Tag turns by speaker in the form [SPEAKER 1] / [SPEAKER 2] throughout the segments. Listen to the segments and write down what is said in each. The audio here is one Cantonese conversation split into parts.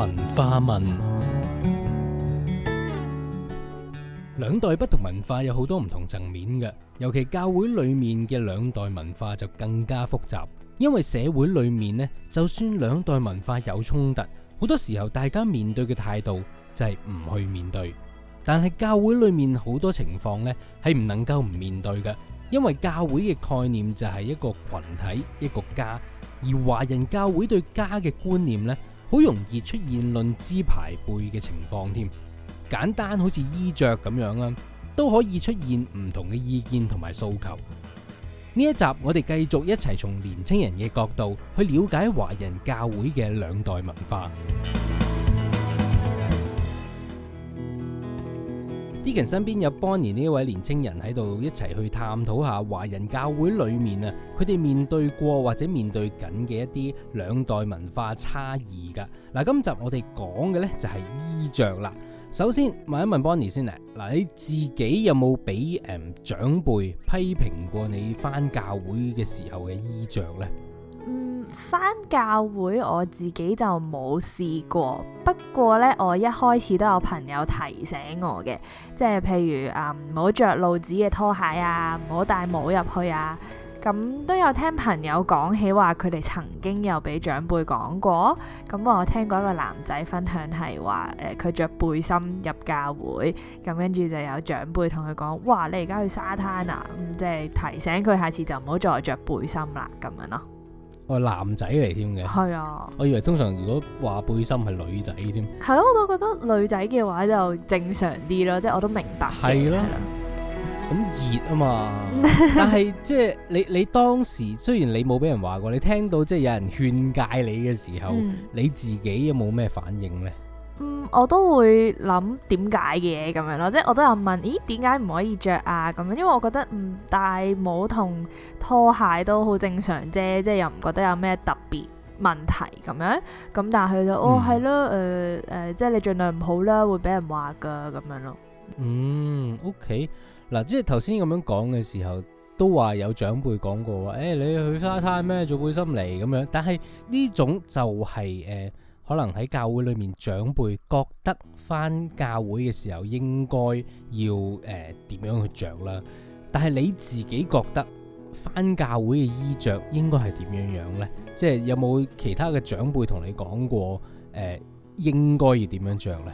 [SPEAKER 1] 文化問，兩代不同文化有好多唔同層面嘅，尤其教會裏面嘅兩代文化就更加複雜。因為社會裏面呢，就算兩代文化有衝突，好多時候大家面對嘅態度就係唔去面對。但係教會裏面好多情況呢，係唔能夠唔面對嘅，因為教會嘅概念就係一個群體，一個家。而華人教會對家嘅觀念呢。好容易出現論資排輩嘅情況添，簡單好似衣着咁樣啦，都可以出現唔同嘅意見同埋訴求。呢一集我哋繼續一齊從年青人嘅角度去了解華人教會嘅兩代文化。依人身邊有 Bonnie 呢位年青人喺度一齊去探討下華人教會裡面啊，佢哋面對過或者面對緊嘅一啲兩代文化差異噶。嗱，今集我哋講嘅呢就係衣着啦。首先問一問 Bonnie 先嚟。嗱，你自己有冇俾誒長輩批評過你返教會嘅時候嘅衣着呢？
[SPEAKER 2] 翻教會我自己就冇試過，不過咧我一開始都有朋友提醒我嘅，即係譬如誒唔好着露趾嘅拖鞋啊，唔好帶帽入去啊，咁都有聽朋友講起話佢哋曾經有俾長輩講過，咁我聽過一個男仔分享係話，誒佢着背心入教會，咁跟住就有長輩同佢講，哇你而家去沙灘啊，即係提醒佢下次就唔好再着背心啦，咁樣咯。
[SPEAKER 1] 我男仔嚟添嘅，係啊，我以為通常如果話背心係女仔添，
[SPEAKER 2] 係咯、啊，我都覺得女仔嘅話就正常啲咯，即係我都明白。係咯、啊，
[SPEAKER 1] 咁、啊、熱啊嘛， 但係即係你你當時雖然你冇俾人話過，你聽到即係有人勸戒你嘅時候，嗯、你自己有冇咩反應咧？
[SPEAKER 2] 嗯，我都會諗點解嘅咁樣咯，即係我都有問，咦，點解唔可以著啊咁樣？因為我覺得嗯戴帽同拖鞋都好正常啫，即係又唔覺得有咩特別問題咁樣。咁但係佢就哦係咯，誒誒，即係你盡量唔好啦，會俾人話噶咁樣咯。嗯
[SPEAKER 1] ，OK，嗱，即係頭先咁樣講嘅時候，都話有長輩講過話，誒你去沙灘咩做背心嚟咁樣。但係呢種就係誒。可能喺教會裏面，長輩覺得返教會嘅時候應該要誒點樣、呃、去着啦。但係你自己覺得返教會嘅衣着應該係點樣樣呢？即係有冇其他嘅長輩同你講過誒、呃，應該要點樣着呢？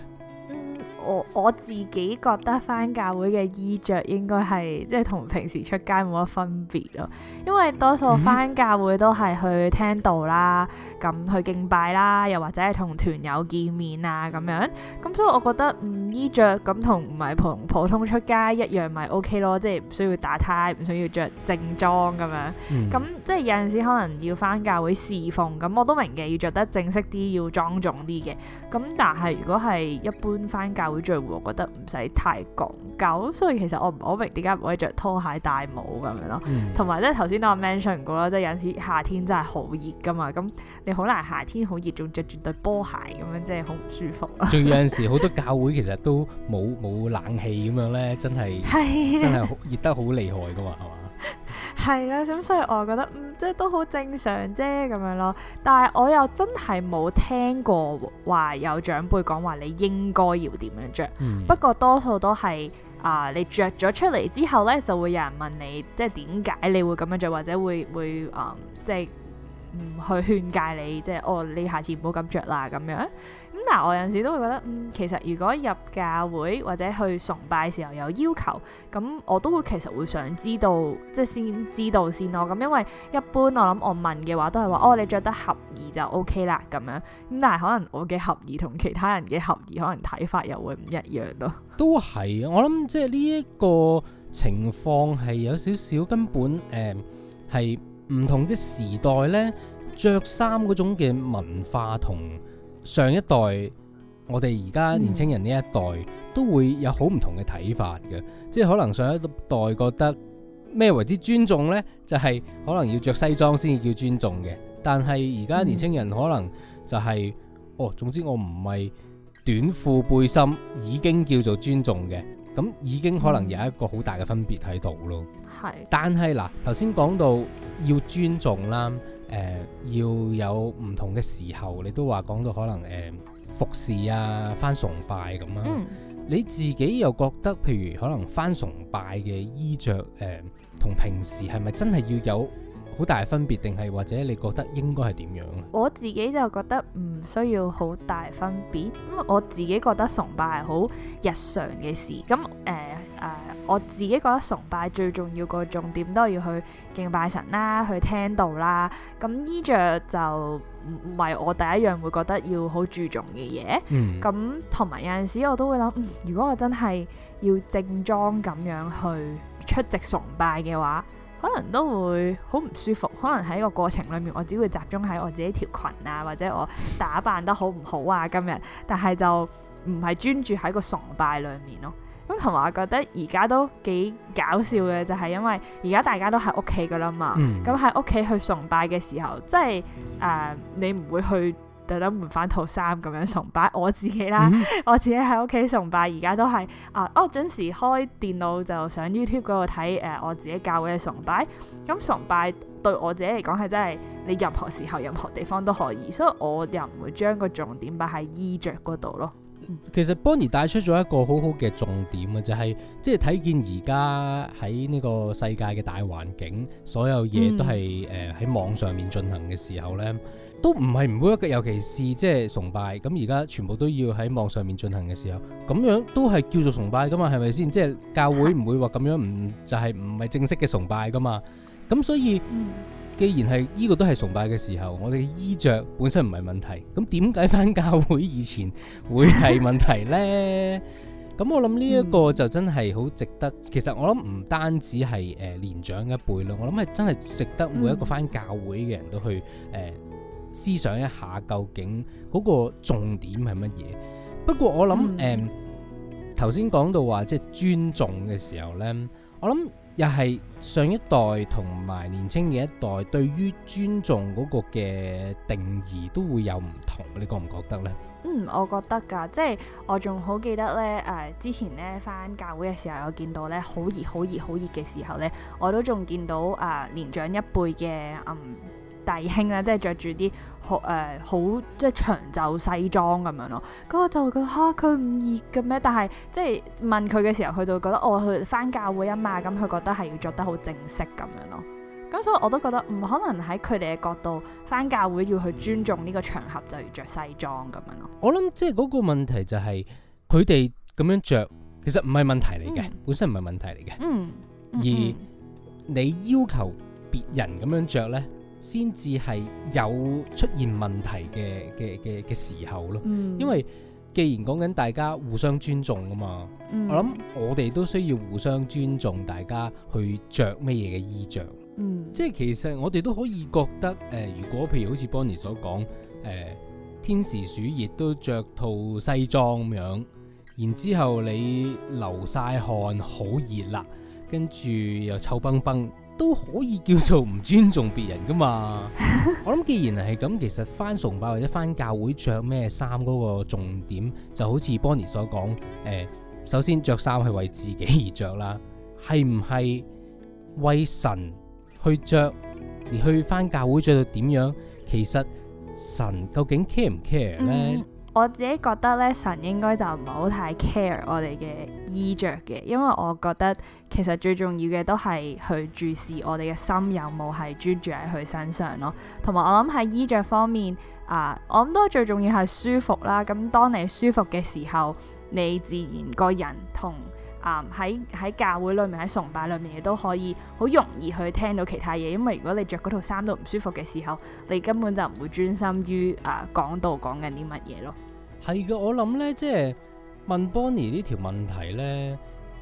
[SPEAKER 2] 我我自己覺得翻教會嘅衣着應該係，即係同平時出街冇乜分別咯，因為多數翻教會都係去聽道啦，咁去敬拜啦，又或者係同團友見面啊咁樣，咁所以我覺得唔衣着咁同唔係同普通出街一樣咪 OK 咯，即係唔需要打呔，唔需要着正裝咁樣。咁、嗯、即係有陣時可能要翻教會侍奉，咁我都明嘅，要着得正式啲，要莊重啲嘅，咁但係如果係一般翻教聚會我覺得唔使太講究，所以其實我唔我明點解唔可以着拖鞋戴帽咁樣咯，同埋即係頭先都我 mention 過啦，即係有陣時夏天真係好熱噶嘛，咁你好難夏天好熱仲着住對波鞋咁樣，真係好唔舒服啊！仲有陣
[SPEAKER 1] 時好多教會其實都冇冇冷氣咁樣咧，真係 真係熱得好厲害噶嘛，係嘛？
[SPEAKER 2] 係啦，咁 所以我又覺得嗯，即係都好正常啫，咁樣咯。但係我又真係冇聽過話有長輩講話，你應該要點樣着。嗯、不過多數都係啊、呃，你着咗出嚟之後咧，就會有人問你，即係點解你會咁樣着，或者會會啊、呃，即係唔去勸戒你，即係哦，你下次唔好咁着啦，咁樣。嗱、啊，我有陣時都會覺得，嗯，其實如果入教會或者去崇拜時候有要求，咁我都會其實會想知道，即係先知道先咯。咁、嗯、因為一般我諗我問嘅話都，都係話哦，你着得合意就 OK 啦咁樣。咁但係可能我嘅合意同其他人嘅合意可能睇法又會唔一樣咯。
[SPEAKER 1] 都係，我諗即係呢一個情況係有少少根本誒係唔同嘅時代咧，着衫嗰種嘅文化同。上一代，我哋而家年青人呢一代，嗯、都會有好唔同嘅睇法嘅，即係可能上一代覺得咩為之尊重咧，就係、是、可能要着西裝先至叫尊重嘅。但係而家年青人可能就係、是嗯、哦，總之我唔係短褲背心已經叫做尊重嘅，咁已經可能有一個好大嘅分別喺度咯。係是，但係嗱，頭先講到要尊重啦。誒、呃，要有唔同嘅時候，你都話講到可能誒、呃、服侍啊，返崇拜咁樣啊。嗯、你自己又覺得，譬如可能返崇拜嘅衣着，誒、呃，同平時係咪真係要有？好大分別定係，或者你覺得應該係點樣？
[SPEAKER 2] 我自己就覺得唔需要好大分別。咁我自己覺得崇拜係好日常嘅事。咁誒誒，我自己覺得崇拜最重要個重點都要去敬拜神啦，去聽道啦。咁衣著就唔唔係我第一樣會覺得要好注重嘅嘢。咁同埋有陣時我都會諗，如果我真係要正裝咁樣去出席崇拜嘅話。可能都會好唔舒服，可能喺個過程裏面，我只會集中喺我自己條裙啊，或者我打扮得好唔好啊今日，但係就唔係專注喺個崇拜裏面咯。咁同埋我覺得而家都幾搞笑嘅，就係因為而家大家都喺屋企噶啦嘛，咁喺屋企去崇拜嘅時候，即係誒你唔會去。特登換翻套衫咁樣崇拜我自己啦，嗯、我自己喺屋企崇拜，而家都係啊，我、哦、準時開電腦就上 YouTube 嗰度睇誒、呃、我自己教會嘅崇拜。咁、嗯、崇拜對我自己嚟講係真係，你任何時候、任何地方都可以，所以我又唔會將個重點擺喺衣着嗰度咯。
[SPEAKER 1] 其實 Bonnie 帶出咗一個好好嘅重點啊，就係即係睇見而家喺呢個世界嘅大環境，所有嘢都係誒喺網上面進行嘅時候呢，都唔係唔 work 嘅，尤其是即係崇拜，咁而家全部都要喺網上面進行嘅時候，咁樣都係叫做崇拜噶嘛，係咪先？即係教會唔會話咁樣唔就係唔係正式嘅崇拜噶嘛？咁所以。嗯既然係呢、這個都係崇拜嘅時候，我哋嘅衣着本身唔係問題，咁點解翻教會以前會係問題呢？咁 我諗呢一個就真係好值得。其實我諗唔單止係誒、呃、年長一輩咯，我諗係真係值得每一個翻教會嘅人都去誒、呃、思想一下，究竟嗰個重點係乜嘢？不過我諗誒頭先講到話即係尊重嘅時候呢。我諗又係上一代同埋年青嘅一代，對於尊重嗰個嘅定義都會有唔同，你覺唔覺得呢？
[SPEAKER 2] 嗯，我覺得㗎，即係我仲好記得呢。誒、呃、之前呢返教會嘅時候，我見到呢好熱、好熱、好熱嘅時候呢，我都仲見到誒、呃、年長一輩嘅嗯。弟兄啦，即係着住啲好誒好即係長袖西裝咁樣咯。咁我就覺得吓佢唔熱嘅咩？但係即係問佢嘅時候，佢就會覺得哦，去翻教會啊嘛。咁佢覺得係要着得好正式咁樣咯。咁所以我都覺得唔可能喺佢哋嘅角度翻教會要去尊重呢個場合，就要着西裝咁樣咯。
[SPEAKER 1] 我諗即係嗰個問題就係佢哋咁樣着，其實唔係問題嚟嘅，嗯、本身唔係問題嚟嘅。嗯，而你要求別人咁樣着咧？先至係有出現問題嘅嘅嘅嘅時候咯，嗯、因為既然講緊大家互相尊重啊嘛，嗯、我諗我哋都需要互相尊重，大家去着乜嘢嘅衣着。嗯，即係其實我哋都可以覺得，誒、呃，如果譬如好似 Bonnie 所講，誒、呃，天時暑熱都着套西裝咁樣，然之後你流晒汗，好熱啦，跟住又臭崩崩。都可以叫做唔尊重別人噶嘛？ 我諗既然係咁，其實翻崇拜或者翻教會着咩衫嗰個重點，就好似 Bonnie 所講，誒、呃，首先着衫係為自己而着啦，係唔係為神去着而去翻教會着到點樣？其實神究竟 care 唔 care 咧？嗯
[SPEAKER 2] 我自己覺得咧，神應該就唔好太 care 我哋嘅衣着嘅，因為我覺得其實最重要嘅都係去注視我哋嘅心有冇係專注喺佢身上咯。同埋我諗喺衣着方面啊、呃，我諗都最重要係舒服啦。咁當你舒服嘅時候，你自然個人同啊喺喺教會裏面喺崇拜裏面，你都可以好容易去聽到其他嘢。因為如果你着嗰套衫都唔舒服嘅時候，你根本就唔會專心於啊講道講緊啲乜嘢咯。
[SPEAKER 1] 係嘅，我諗咧，即係問 Bonnie 呢條問題咧，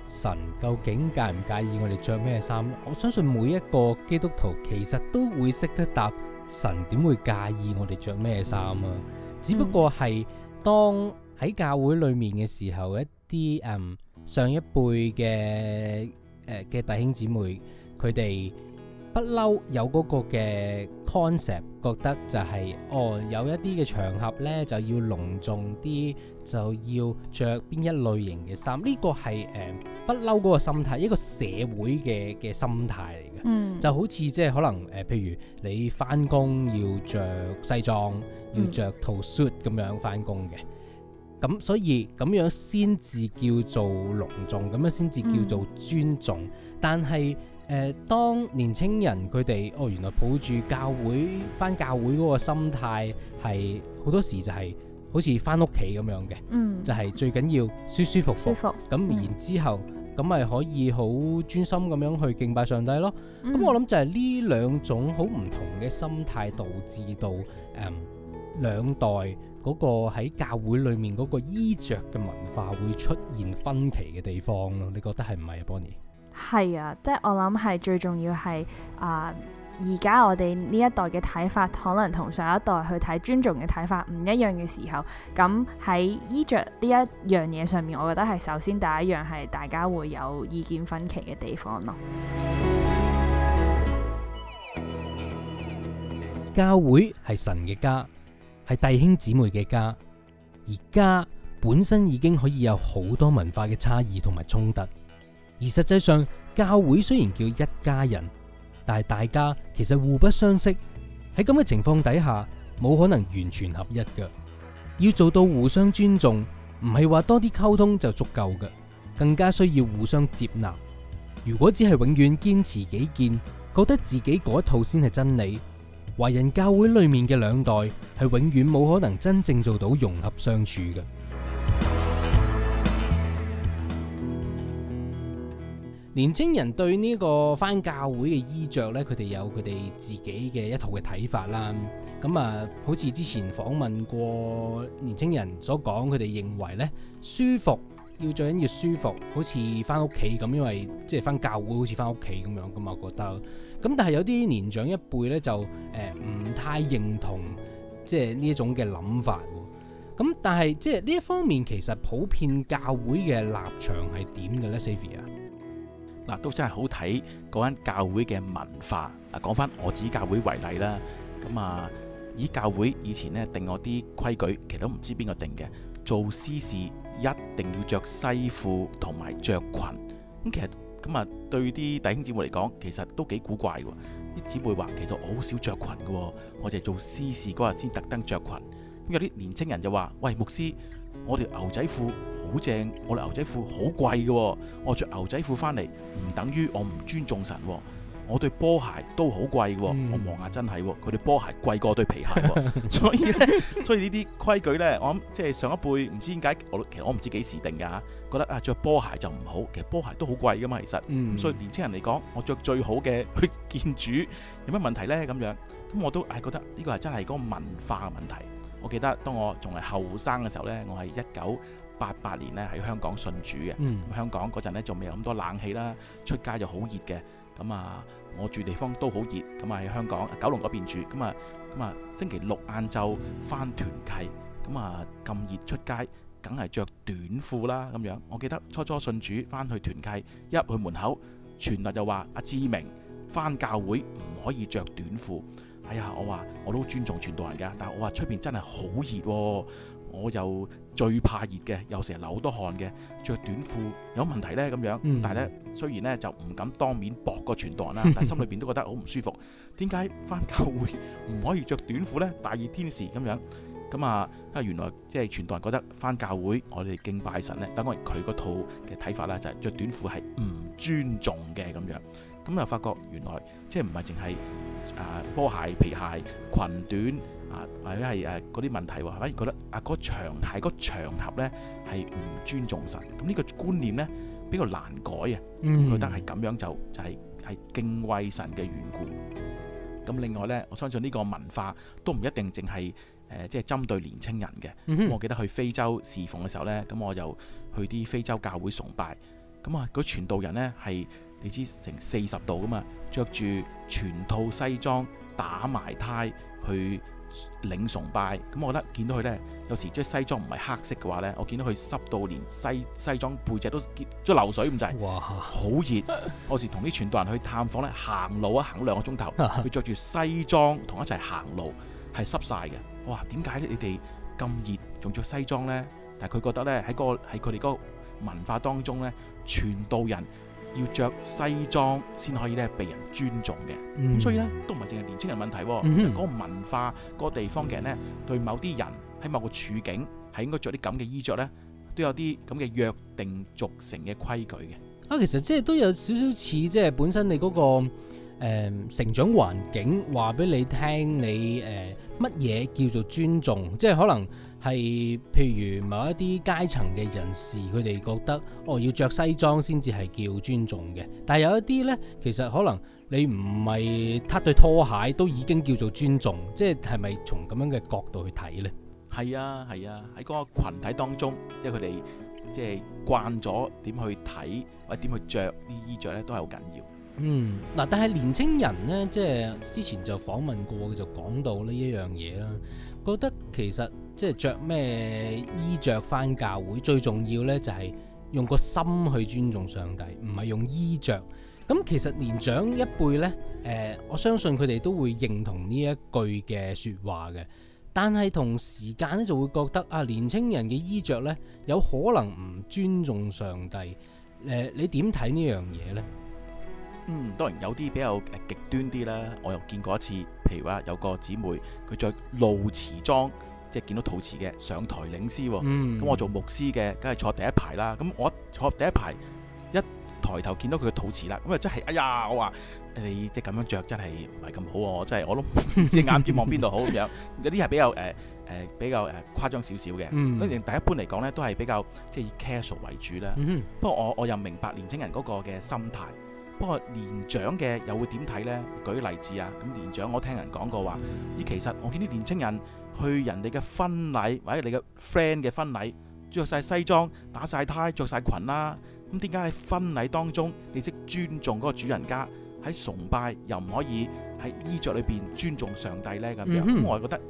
[SPEAKER 1] 神究竟介唔介意我哋着咩衫？我相信每一個基督徒其實都會識得答，神點會介意我哋着咩衫啊？嗯、只不過係當喺教會裏面嘅時候，一啲嗯上一輩嘅誒嘅弟兄姊妹，佢哋。不嬲有嗰個嘅 concept，覺得就係、是、哦，有一啲嘅場合呢，就要隆重啲，就要着邊一類型嘅衫。呢個係誒不嬲嗰個心態，一個社會嘅嘅心態嚟嘅。嗯，就好似即係可能誒、呃，譬如你翻工要着西裝，要着套 suit 咁樣翻工嘅。咁、嗯、所以咁樣先至叫做隆重，咁樣先至叫做尊重。嗯、但係。誒、呃、當年青人佢哋哦，原來抱住教會翻教會嗰個心態係好多時就係好似翻屋企咁樣嘅，嗯、就係最緊要舒舒服舒服咁，然之後咁咪、嗯、可以好專心咁樣去敬拜上帝咯。咁我諗就係呢兩種好唔同嘅心態，導致到誒兩、嗯嗯、代嗰個喺教會裏面嗰個衣着嘅文化會出現分歧嘅地方咯。你覺得係唔係啊，Bonnie？
[SPEAKER 2] 係啊，即係我諗係最重要係啊，呃，而家我哋呢一代嘅睇法，可能同上一代去睇尊重嘅睇法唔一樣嘅時候，咁喺衣着呢一樣嘢上面，我覺得係首先第一樣係大家會有意見分歧嘅地方咯。
[SPEAKER 1] 教會係神嘅家，係弟兄姊妹嘅家，而家本身已經可以有好多文化嘅差異同埋衝突。而實際上，教會雖然叫一家人，但係大家其實互不相識。喺咁嘅情況底下，冇可能完全合一嘅。要做到互相尊重，唔係話多啲溝通就足夠嘅，更加需要互相接納。如果只係永遠堅持己見，覺得自己嗰一套先係真理，華人教會裏面嘅兩代係永遠冇可能真正做到融合相處嘅。年青人對呢個返教會嘅衣着，呢佢哋有佢哋自己嘅一套嘅睇法啦。咁啊，好似之前訪問過年青人所講，佢哋認為呢，舒服要最緊要舒服，好似返屋企咁，因為即係返教會好似返屋企咁樣咁我覺得咁，但係有啲年長一輩呢，就誒唔、呃、太認同即係呢一種嘅諗法。咁但係即係呢一方面，其實普遍教會嘅立場係點嘅呢？Xavier 啊？
[SPEAKER 3] 嗱，都真係好睇嗰間教會嘅文化。啊，講翻我自己教會為例啦。咁啊，以教會以前咧定我啲規矩，其實都唔知邊個定嘅。做司事一定要着西褲同埋着裙。咁其實咁啊，對啲弟兄姊妹嚟講，其實都幾古怪㗎。啲姊妹話：其實我好少着裙㗎，我就係做司事嗰日先特登着裙。咁有啲年青人就話：喂，牧師，我條牛仔褲。好正！我哋牛仔褲好貴嘅，我着牛仔褲翻嚟唔等於我唔尊重神、哦。我對波鞋都好貴嘅，嗯、我望下真係、哦，佢對波鞋貴過對皮鞋、哦 所以呢。所以呢，所以呢啲規矩呢，我諗即係上一輩唔知點解，我其實我唔知幾時定噶、啊，覺得啊着波鞋就唔好。其實波鞋都好貴噶嘛，其實。嗯、所以年青人嚟講，我着最好嘅去見主，有乜問題呢？咁樣咁我都係覺得呢個係真係一個文化嘅問題。我記得當我仲係後生嘅時候呢，我係一九。八八年咧喺香港信主嘅，嗯、香港嗰陣仲未有咁多冷氣啦，出街就好熱嘅。咁啊，我住地方都好熱，咁啊喺香港九龍嗰邊住，咁啊咁啊星期六晏晝返團契，咁啊咁熱出街，梗係着短褲啦咁樣。我記得初初信主返去團契，一入去門口，傳道就話阿、啊、志明返教會唔可以着短褲。哎呀，我話我都尊重傳道人㗎，但我話出邊真係好熱喎、啊。我又最怕熱嘅，又成日流好多汗嘅，着短褲有問題呢？咁樣。但係咧，雖然咧就唔敢當面駁個傳道啦， 但係心裏面都覺得好唔舒服。點解返教會唔可以着短褲呢？大熱天時咁樣咁啊！啊，原來即係傳道人覺得返教會我哋敬拜神呢。等於佢嗰套嘅睇法啦，就係着短褲係唔尊重嘅咁樣。咁又發覺原來即係唔係淨係啊波鞋皮鞋裙短。或者係誒嗰啲問題喎，反而覺得啊，嗰個場係嗰個場合呢，係唔尊重神。咁呢個觀念呢，比較難改啊。Mm hmm. 覺得係咁樣就就係係敬畏神嘅緣故。咁另外呢，我相信呢個文化都唔一定淨係誒，即係針對年青人嘅。Mm hmm. 我記得去非洲侍奉嘅時候呢，咁我就去啲非洲教會崇拜。咁啊，嗰傳道人呢係你知成四十度噶嘛，着住全套西裝打埋呔去領崇拜咁，我覺得見到佢呢，有時即係西裝唔係黑色嘅話呢，我見到佢濕到連西西裝背脊都即流水咁滯。哇！好熱， 我時同啲傳道人去探訪呢，行路啊行咗兩個鐘頭，佢着住西裝同一齊行路係濕晒嘅。哇！點解你哋咁熱仲着西裝呢？但係佢覺得呢、嗰個，喺嗰個喺佢哋嗰個文化當中呢，傳道人。要着西裝先可以咧被人尊重嘅，嗯、所以咧都唔係淨係年輕人問題，嗰個文化、嗰個地方嘅人咧，對某啲人喺某個處境係應該着啲咁嘅衣着咧，都有啲咁嘅約定俗成嘅規矩嘅。
[SPEAKER 1] 啊，其實即係都有少少似，即係本身你嗰個誒成長環境話俾你聽，你誒乜嘢叫做尊重，即係可能。係，譬如某一啲階層嘅人士，佢哋覺得哦，要着西裝先至係叫尊重嘅。但係有一啲呢，其實可能你唔係攤對拖鞋都已經叫做尊重，即係係咪從咁樣嘅角度去睇
[SPEAKER 3] 呢？係啊，係啊，喺嗰個羣體當中，即係佢哋即係慣咗點去睇或者點去着啲衣着呢，都係好緊要。嗯，
[SPEAKER 1] 嗱，但係年青人呢，即係之前就訪問過，就講，就講到呢一樣嘢啦。覺得其實即係著咩衣着返教會最重要呢，就係用個心去尊重上帝，唔係用衣着。咁其實年長一輩呢，誒、呃，我相信佢哋都會認同呢一句嘅説話嘅。但係同時間咧，就會覺得啊，年青人嘅衣着呢，有可能唔尊重上帝。誒、呃，你點睇呢樣嘢呢？
[SPEAKER 3] 嗯，當然有啲比較誒極端啲啦，我又見過一次。譬如話有個姊妹，佢着露臍裝，即係見到肚臍嘅上台領詩喎。咁、嗯、我做牧師嘅，梗係坐第一排啦。咁我坐第一排一抬頭見到佢嘅肚臍啦，咁啊真係哎呀！我話你即係咁樣着真係唔係咁好喎。我真係我都即係 眼見望邊度好咁樣。有啲係比較誒誒、呃、比較誒誇張少少嘅。當然、嗯，第一般嚟講咧，都係比較即係以 casual 為主啦。嗯、哼不過我我又明白年青人嗰個嘅心態。不過年長嘅又會點睇呢？舉例子啊，咁年長我聽人講過話，依其實我見啲年青人去人哋嘅婚禮或者你嘅 friend 嘅婚禮，着晒西裝，打晒呔，着晒裙啦。咁點解喺婚禮當中你識尊重嗰個主人家，喺崇拜又唔可以喺衣着裏邊尊重上帝呢？咁樣我係覺得。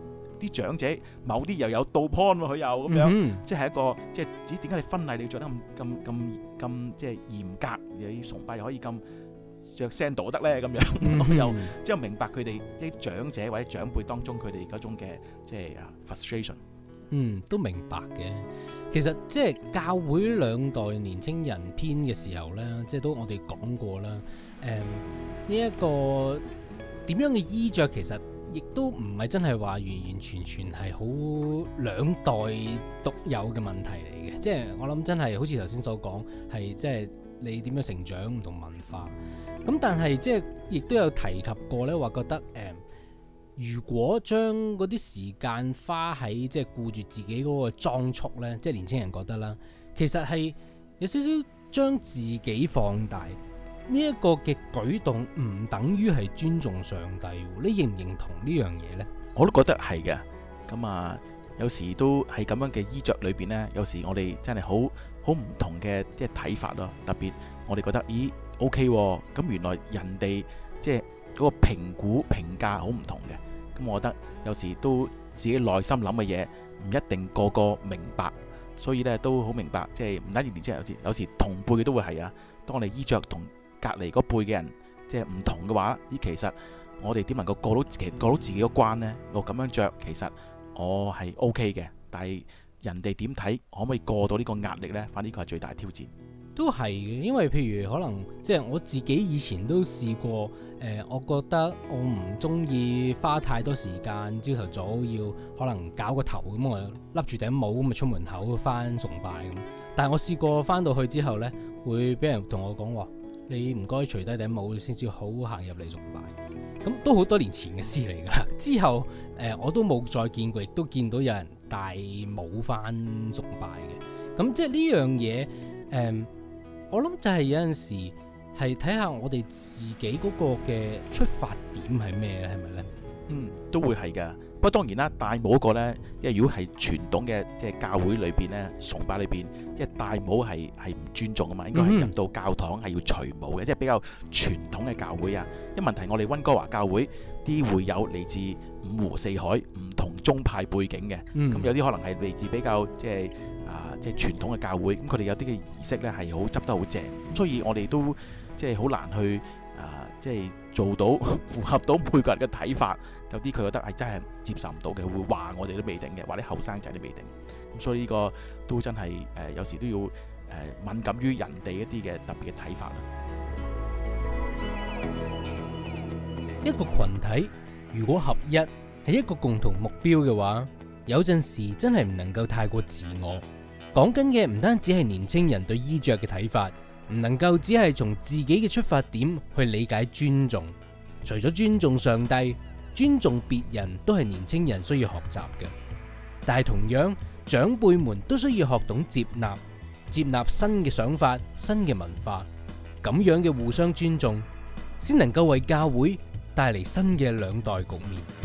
[SPEAKER 3] 啲長者某啲又有道 point 喎，佢又咁樣，即係一個即係咦，點解你婚禮你要著得咁咁咁咁即係嚴格？又要崇拜，又可以咁著 sandal 得咧？咁樣我又即係明白佢哋啲長者或者長輩當中佢哋嗰種嘅即係啊 frustration。
[SPEAKER 1] 嗯，
[SPEAKER 3] 都明白嘅。其實即係教會兩代年
[SPEAKER 1] 青人編嘅時候咧，即係都我哋講過啦。誒，呢一個點樣嘅衣著其實？亦都唔係真係話完完全全係好兩代獨有嘅問題嚟嘅，即係我諗真係好似頭先所講，係即係你點樣成長同文化。咁但係即係亦都有提及過呢，話覺得誒、呃，如果將嗰啲時間花喺即係顧住自己嗰個裝束呢，即係年輕人覺得啦，其實係有少少將自己放大。呢一個嘅舉動唔等於係尊重上帝，你認唔認同呢樣嘢呢？
[SPEAKER 3] 我都覺得係嘅。咁、嗯、啊，有時都係咁樣嘅衣着裏邊呢。有時我哋真係好好唔同嘅即係睇法咯。特別我哋覺得，咦，OK，咁原來人哋即係嗰個評估評價好唔同嘅。咁、嗯、我覺得有時都自己內心諗嘅嘢唔一定個個明白，所以呢，都好明白，即係唔單止年青人有，有時同輩嘅都會係啊。當我哋衣着同，隔離嗰輩嘅人，即係唔同嘅話，依其實我哋點能夠過到其過到自己嘅關呢？我咁樣着，其實我係 O K 嘅，但係人哋點睇，可唔可以過到呢個壓力呢？反而呢個係最大挑戰，
[SPEAKER 1] 都係嘅。因為譬如可能即係我自己以前都試過，誒、呃，我覺得我唔中意花太多時間朝頭早要可能搞個頭咁、嗯，我笠住頂帽咁，咪出門口翻崇拜咁。但係我試過翻到去之後呢，會俾人同我講話。你唔該除低頂帽先至好行入嚟崇拜，咁都好多年前嘅事嚟噶啦。之後誒、呃、我都冇再見過，亦都見到有人戴帽返崇拜嘅。咁即係呢樣嘢誒、呃，我諗就係有陣時係睇下我哋自己嗰個嘅出發點係咩咧？係咪咧？嗯，
[SPEAKER 3] 都會係噶。不過當然啦，戴帽嗰個咧，因為如果係傳統嘅即係教會裏邊呢，崇拜裏邊，即係戴帽係係唔尊重噶嘛，應該係入到教堂係要除帽嘅，嗯、即係比較傳統嘅教會啊。因為問題我哋溫哥華教會啲會友嚟自五湖四海，唔同宗派背景嘅，咁、嗯、有啲可能係嚟自比較即係啊、呃、即係傳統嘅教會，咁佢哋有啲嘅儀式呢係好執得好正，所以我哋都即係好難去啊、呃、即係。做到符合到每個人嘅睇法，有啲佢覺得係、哎，真係接受唔到嘅，會話我哋都未定嘅，話啲後生仔都未定，咁所以呢個都真係誒、呃，有時都要誒、呃、敏感於人哋一啲嘅特別嘅睇法啦。
[SPEAKER 1] 一個群體如果合一係一個共同目標嘅話，有陣時真係唔能夠太過自我。講緊嘅唔單止係年青人對衣着嘅睇法。唔能夠只係從自己嘅出發點去理解尊重，除咗尊重上帝、尊重別人都係年輕人需要學習嘅。但係同樣，長輩們都需要學懂接納、接納新嘅想法、新嘅文化，咁樣嘅互相尊重，先能夠為教會
[SPEAKER 3] 帶嚟新嘅兩代局面。